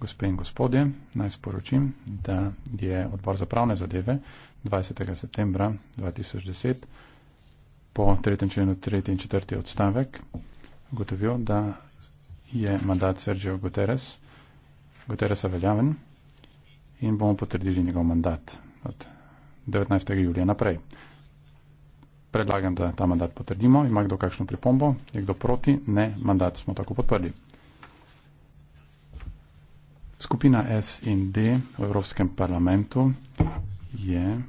Gospe in gospodje, naj sporočim, da je odbor za pravne zadeve 20. septembra 2010 po 3. členu 3. in 4. odstavek ugotovil, da je mandat Sergio Guterres, Guterresa veljaven in bomo potrdili njegov mandat od 19. julija naprej. Predlagam, da ta mandat potrdimo. Ima kdo kakšno pripombo? Je kdo proti? Ne, mandat smo tako podprli. Skupina SND v Evropskem parlamentu je